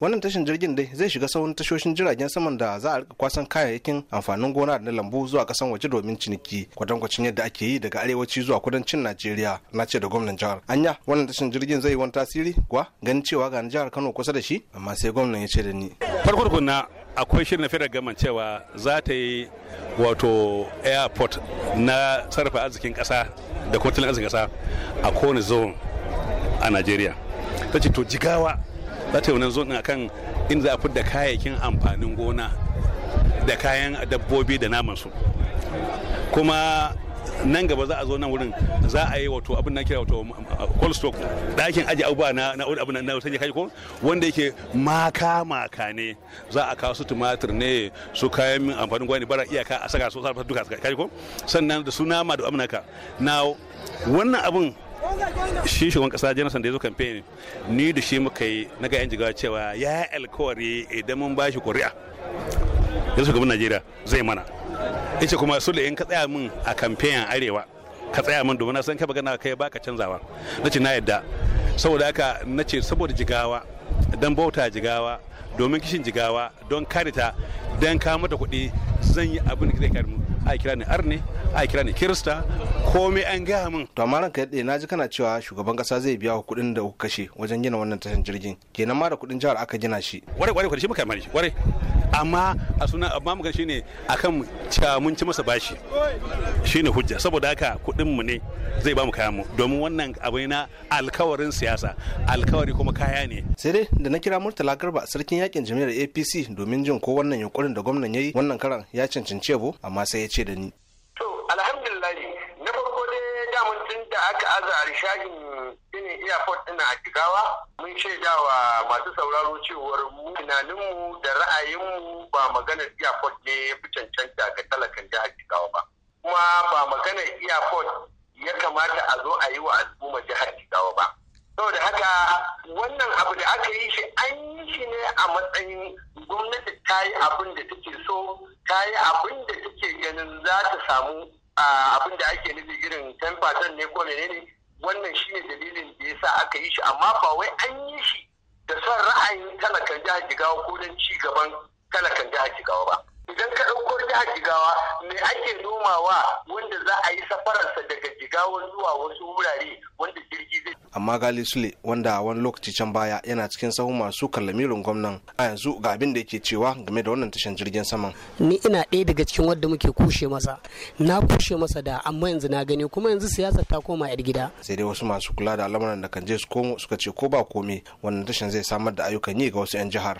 wannan tashin jirgin dai zai shiga sauran tashoshin jiragen saman da za a rika kwasan kayayyakin amfanin gona da na lambu zuwa kasan waje domin ciniki kwatankwacin yadda ake yi daga arewaci zuwa kudancin najeriya na ce da gwamnan jihar anya wannan tashin jirgin zai yi wani tasiri kuwa ganin cewa ga jihar kano kusa da shi amma sai gwamnan ya ce da ni farko na akwai shirin na federal cewa za ta yi wato airport na sarrafa arzikin kasa da kotunan arzikin kasa a kowane zone a najeriya ta ce to jigawa za ta yi wannan zon akan in za a fi da kayayyakin amfanin gona da kayan dabbobi da naman su kuma nan gaba za a zo nan wurin za a yi wato abin na kira wato um, um, cold stock ɗakin aji abubuwa na na abin na sanya kai ko wanda yake maka maka ne za a kawo su tumatir ne su kayan min amfanin gwani bara iyaka a saka su sarfa duka kai ko sannan da su nama da amnaka na wannan abin shi shugaban kasa jenison da ya zo campaign ni da shi muka yi na ga yan jigawa cewa ya alkawari idan mun ba shi kuri'a ya shugaban najeriya zai mana ce kuma sule in ka tsaya min a campaign arewa ka tsaya min domin na san ka magana kai baka canzawa na ce na yadda saboda haka na ce saboda jigawa dan bauta jigawa domin kishin jigawa don kare ta don kawo mata kuɗi zan yi abin da zai kare mu a kira ne arne a kira ne kirista komai an gaya min to amma ranka yadda na ji kana cewa shugaban kasa zai biya wa kuɗin da kuka kashe wajen gina wannan tashar jirgin kenan ma da kuɗin jihar aka gina shi ware ware kuɗi shi muka mari ware amma a suna amma mu shine akan cewa mun ci masa bashi shine hujja saboda haka kuɗin mu ne zai bamu mu kayan mu domin wannan abu na alkawarin siyasa alkawari kuma kaya ne sai dai da na kira Murtala Garba sarkin yakin jami'ar APC domin jin ko wannan yunkurin da gwamnan yayi wannan karan ya cancance bu amma sai ya ce da ni to alhamdulillah na farko dai da mun da aka aza shagin shine airport ɗin a jigawa mun shaida wa masu sauraro cewar mu tunaninmu da ra'ayinmu ba magana airport ne ya fi cancanta ga talakan jihar jigawa ba kuma ba magana airport ya kamata a zo a yi wa al'umma jihar jigawa ba saboda haka wannan abu da aka yi shi an yi shi ne a matsayin gwamnati ta yi abin da take so ta yi abin da take ganin za ta samu abin da ake nufi irin 10% ne ko menene wannan shi ne dalilin da ya sa aka yi shi amma ba wai an yi shi da son ra'ayin talakan jihar jigawa ko don ci gaban talakan jihar jigawa ba idan ka ɗauko jihar jigawa me ake nomawa wani za a yi safararsa daga jigawa zuwa wasu wurare wanda jirgi zai amma gali sule wanda wani lokaci can baya yana cikin sahun masu kallamirin gwamnan a yanzu ga abin da yake cewa game da wannan tashan jirgin saman ni ina ɗaya daga cikin wanda muke kushe masa na kushe masa da amma yanzu na gani kuma yanzu siyasa ta koma yar gida sai dai wasu masu kula da al'amuran da kan je su komo suka ce ko ba komai wannan tashan zai samar da ayyukan yi ga wasu 'yan jihar